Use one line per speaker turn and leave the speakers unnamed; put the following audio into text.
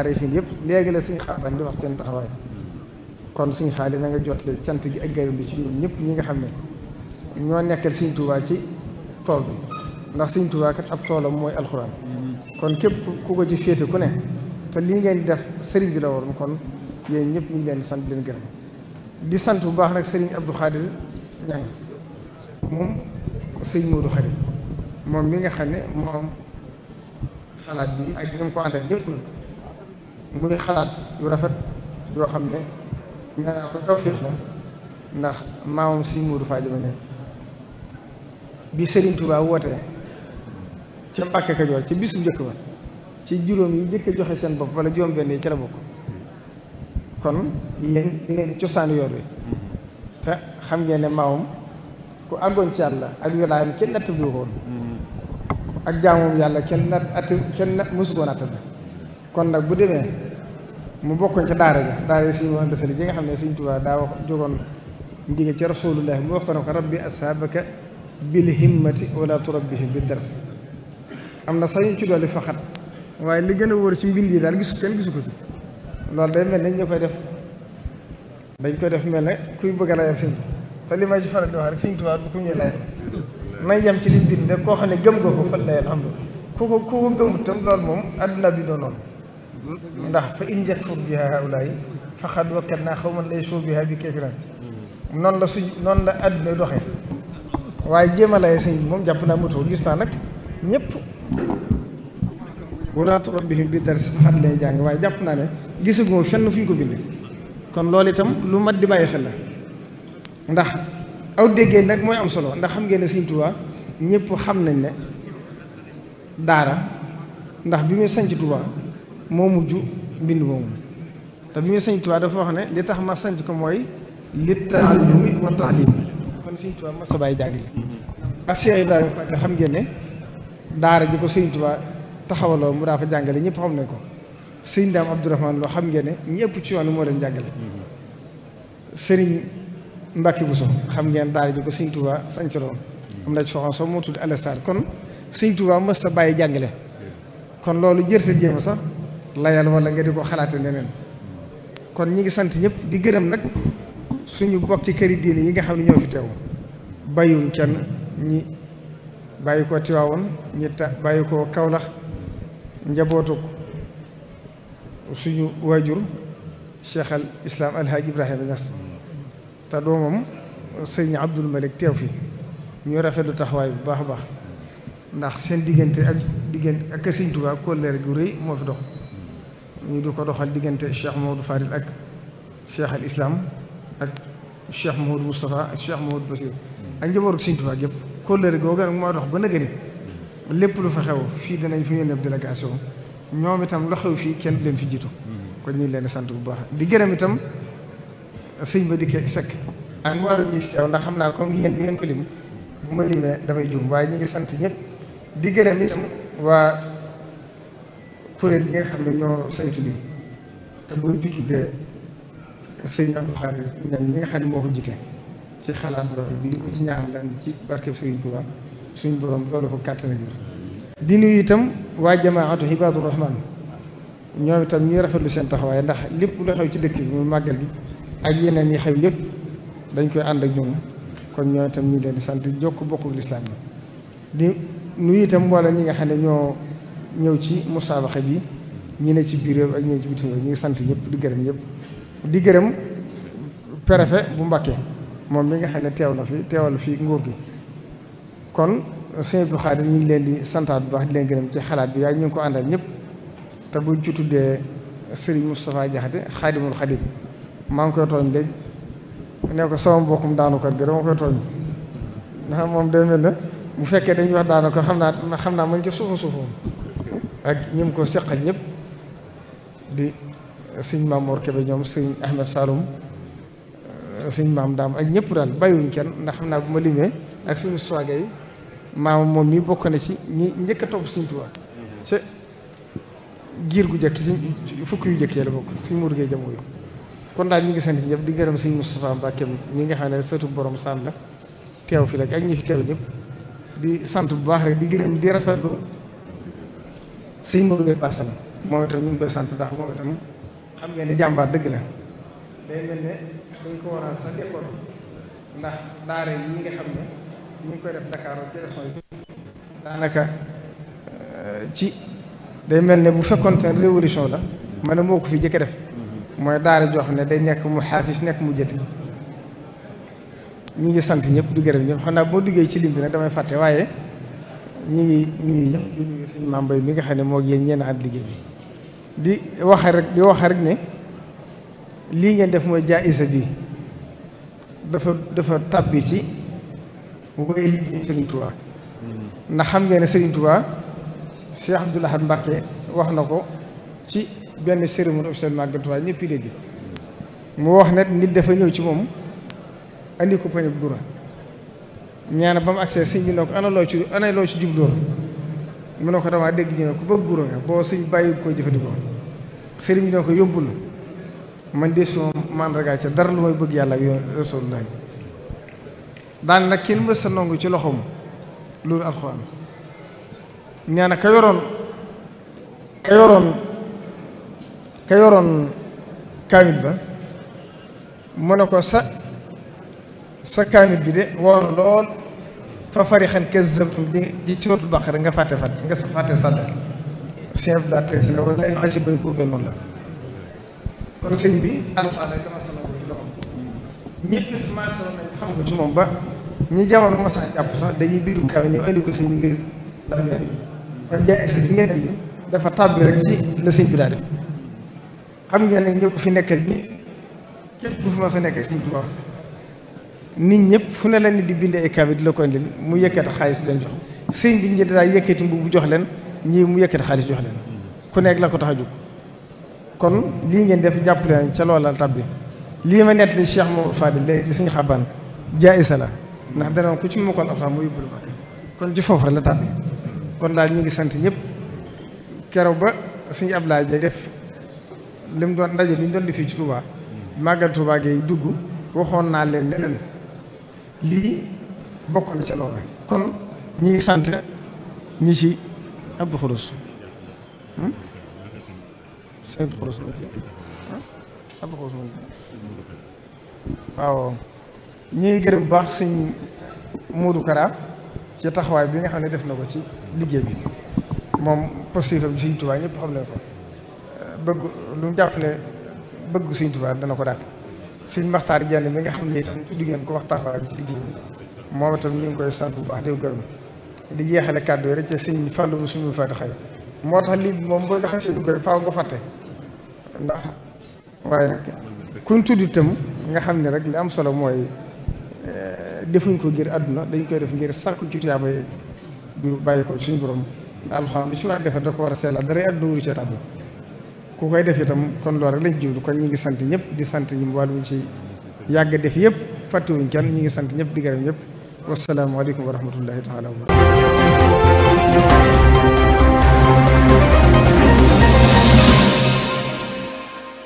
arifin yëpp léegi la suñu xaaban di wax seen taxawaay kon suñ xaali na nga jotle cant gi ak gërëm bi ci ñoom ñëpp ñi nga xam ne ñoo nekkal suñ tubaa ci tool bi ndax suñ tubaa kat ab toolam mooy alxuraan kon képp ku ko ci féete ku ne te lii ngeen di def sëriñ bi la waroon kon yéen ñëpp ñu ngi leen sant di leen gërëm di sant bu baax nag sëriñ Abdou Khadir Ñang moom sëriñ Modou Khadir moom mi nga xam ne moom xalaat bi ak ñi mu ko àndal ñëpp muy xalaat yu rafet yoo xam ne nee naa ko tawfiix la ndax maamam si Mourou Fadio ne bi Serigne Touba wootee ca Mbàkke Kajoor ci bisu njëkk ba ci juróom yi njëkk joxe seen bopp wala juróom benn yi ca la bokk kon yéen di ngeen cosaanu yoon wi te xam ngeen ne maamam ku àggoon ci yàlla ak wilaayam kenn natt bi woon ak jaamoom yàlla kenn natt kenn natt mosu kon nag bu demee mu bokkoon ca daara ja daara yi suñu woon desali ji nga xam ne Sëriñ Tuubaa daa wax jógoon ndige ci rasulullah mu wax ko ne ko rabbi asaabaka bil himmati wala turabbihi bi dars am na sax ñu ci dolli faxat waaye li gën a wóor ci mbind yi daal gisu ko ci loolu day mel ne ñu koy def dañ koy def mel ne kuy bëgg a te li may ci faral di wax rek Sëriñ Tuubaa bu ku ñuy layal nañ yem ci liñ bind koo xam ne gëm nga ko fan layal xam nga ku tam loolu moom àdduna bi doonoon ndax fa in yakfur biha haulaay fa xad wakkat naa xaw man lay soo biha bi kafiran noonu la suñ noonu la àdduna doxee waaye jéem a lay sëñ bi moom jàpp naa moto gis naa nag ñëpp walaatu bi dar si waaye jàpp naa ne gisaguma fenn fu ñu ko bind kon loolu itam lu mat di bàyyi xel la ndax aw déggee nag mooy am solo ndax xam ngeen ne Sëñ Tuubaa ñëpp xam nañ ne daara ndax bi muy sanc Tuubaa moo mujj mbind moomu te bi muy sëñ Tuubaa dafa wax ne li tax ma sanc ko mooy li taalumi wa taalim kon sëñ bàyyi jàngale ak Cheikh Ibrahima Fati xam ngeen ne daara ji ko sëñ taxawaloo mu daa fa jàngale ñëpp xam ne ko sëñ Daam Abdourahmane loo xam ngeen ne ñëpp ci yoon moo leen jàngale sëriñ Mbàkke Buso xam ngeen daara ko sëñ Tuubaa sancaloon am na ci foo xam soo moo kon sëñ Tuubaa ma sa bàyyi jàngale kon loolu jërte jéema sax layal wala nga di ko xalaate neneen kon ñi ngi sant ñëpp di gërëm nag suñu ci këri diine yi nga xam ne ñoo fi teew bàyyiwuñ kenn ñi bàyyi ko Tiwaawoon ñi ta bàyyi ko Kawlax njabootu suñu waajur cheikh al islam alhaaj Ibrahima te doomam sëñ Abdul Malik teew fi ñu rafetlu taxawaay bu baax a baax ndax seen diggante ak diggante ak Sëñ Tuubaa kóllëre gu rëy moo fi dox ñu di ko doxal diggante Cheikh Maodo Farid ak Cheikh al Islam ak Cheikh Maodo Moustapha ak Cheikh Maodo Bassir ak njabootu Sëriñ Tuubaa yëpp kóllëre googu nag moo dox ba nëgëri lépp lu fa xew fii danañ fi yónnee délégation ñoom itam lu xew fii kenn du leen fi jiitu ko ñu ngi leen sant bu baax di gërëm tam sëñ ba dikkee sekk ak mboolem ñi fi teew ndax xam naa comme yéen ngeen ko lim bu ma limee damay juum waaye ñu ngi sant ñëpp di gërëm itam waa kuréel yi nga xam ne ñoo saytu bi te bu ñu ci tuddee sëñ Abdou Khadir ñoom ñi nga xam ne moo ko jiite ci xalaat loolu bi ñu ko ci ñaaxal lan ci barkeb Sëriñ Tuubaa suñ borom loolu ko kàttan ak di nuyu itam waa jamaatu Hibaadu Rahmaan ñoom itam ñuy rafetlu seen taxawaay ndax lépp lu xew ci dëkk bi muy màggal gi ak yeneen yi xew yëpp dañ koy ànd ak ñoom kon ñoom itam ñu leen di sant jokk bokku lislaam yi di nuyu itam wala ñi nga xam ne ñoo. ñëw ci musaabaxa bi ñu ne ci biir ak ñi ne ci bitim réew ñu ngi sant ñëpp di gërëm ñëpp di gërëm préfet bu Mbakke moom mi nga xam ne teew na fi teewal fi kon sëñ Abdou Khadir leen di santaat bu baax di gërëm ci xalaat bi ñu ngi ko àndal ñëpp te buñ ci tuddee Serigne Moustapha Diakhaté xaadimul xadim maa ngi koy tooñ léegi ne ko sama mbokkum daanu ko gërëm ma koy tooñ ndax moom day mel na bu fekkee dañuy wax daanu ko xam naa xam naa mën ci suufu suufum ak ñi ko seqal ñëpp di sëñ maam Mor Kébé ñoom sëñ Ahmed Saloum euh, sëñ maam Daam ak ñëpp daal bàyyiwuñ kenn ndax xam naa bu ma limee ak suñu soage yi maam moom mi bokk na ci ñi njëkk a topp sëñ Tuubaa ca giir gu jëkk ci fukk yu jëkk ya bokk suñ Mour Gueye jëm kon daal ñu ngi sant ñëpp di gërëm siñ Moustapha Mbacke mi nga xam ne sëtu borom sàmm la teew fi rek ak ñi fi teew ñëpp di sant bu baax rek di gërëm di rafetlu. sëñ Modou la Bassal moom itam ñu ngi koy sant ndax moom itam xam ngeen ne jàmbaar dëgg la day mel ne dañ ko waral sax décor ndax daara yi nga xam ne ñu ngi koy def Dakar ci région yi daanaka euh, ci day mel ne bu fekkoon te révolution la ma ne moo ko fi jëkk def mooy daare joo xam ne day nekk mu xaafis nekk mu jëti ñu ngi sant ñëpp du gërëm ñëpp xam naa boo duggee ci lim bi nag damay fàtte waaye ñu ngi nuyu ngi di nuyu yi membres mi nga xam ne moo yéen ñeen ànd liggéey bi di wax rek di wax rek ne lii ngeen def mooy jaayisa bi dafa dafa tàbbi ci woy liggéey Serigne Touba mm-hmm. ndax xam ngeen ne Serigne Touba Cheikh Abdoul Ahad Mbacké wax na ko ci benn cérémonie officielle Màggal Touba ñëpp mu wax ne nit dafa ñëw ci moom indi ko pañe bu ñaana ba mu agsee sëñ bi ne ko ana ci ana loo ci jubloon mu ne ko damaa dégg ñu ne ku bëgg guro nga boo sëñ bàyyi koy jëfandikoo sëriñ bi ne ko yóbbul man de suma màndargaa ca dara lu may bëgg yàlla ak yoon rasulullah daan nag kenn mës sa nongu ci loxoom loolu alxuraan ñaana ka yoroon ka yoroon ka yoroon kaamit ba mu ne ko sa sa kaamit bi de woon lool fa farixan kazzabtum di di ci suratul Baqara nga fàtte fan nga fàtte sàdda chef daa teg si la wala ay agib bay kuube noonu la bi alxaala dama xam ko ci moom ba ñi jamono ma jàpp sax dañuy biiru kaw ñu indi ko sëñ bi ngir dafa tàbbi rek ci la sëñ bi daa def xam ngeen ne ñëpp fi nekkal ñi képp ku fi ma sa nekkee sëñ Tuubaa nit ñëpp fu ne la nit di bind ay kaamil di la ko indil mu yëkkati xaalis leen jox sëñ bi ñu daa yëkkati mbubu jox leen ñii mu yëkkati xaalis jox leen ku nekk la ko tax a jóg kon lii ngeen def jàpp leen bi lii ma nettali Cheikh Mouhamadou Fadil léegi ci suñu xabaan jaayisa la ndax danoon ku ci mokkoon alxam mu yóbbul Mbàkke kon ci foofu rek la tàbbi kon daal ñu ngi sant ñëpp keroog ba suñu Ablaye ja def li doon ndaje bi ñu doon di fii ci Touba màggal Touba gi dugg waxoon naa leen leneen lii bokk na ca loolu kon ñi ngi sant ñi ci Abdou Khoudoss hmm? hmm? Abdou Khoudoss Abdou Khoudoss waaw ñi ngi gërëm bu baax sëñ Modou Kara ci taxawaay bi nga xam ne def na ko ci liggéey bi moom positifam sëñ Tuubaa ñëpp xam ne ko bëgg lu mu jàpp ne bëgg sëñ Tuubaa dana ko dàq sëñ Maxtaar Jenn mi nga xam ni itam tudd ngeen ko waxtaan ci liggéey bi moom itam ñu ngi koy sant bu baax di gërëm di jeexale kàddu yi rek ca sëñ Fallou suñu fàtte xëy moo tax lii moom boo ko xasee dugg rek faaw nga fàtte ndax waaye nag kuñ tudd itam nga xam ne rek li am solo mooy eh, defuñ ko ngir àdduna dañ koy def ngir sàkku ci tuyaaba yi bàyyi ko suñu borom alxam li ci war a defee da ko war a seelaat dara àdduna wuru ca tàbbi ku koy def itam kon loolu rek lañ jublu kon ñi ngi sant ñëpp di sant ñu mu wàllu ci yàgg def yëpp fàttewuñ kenn ñi ngi sant ñëpp di gërëm ñëpp wasalaamaaleykum wa rahmatullahi taala wa barakatu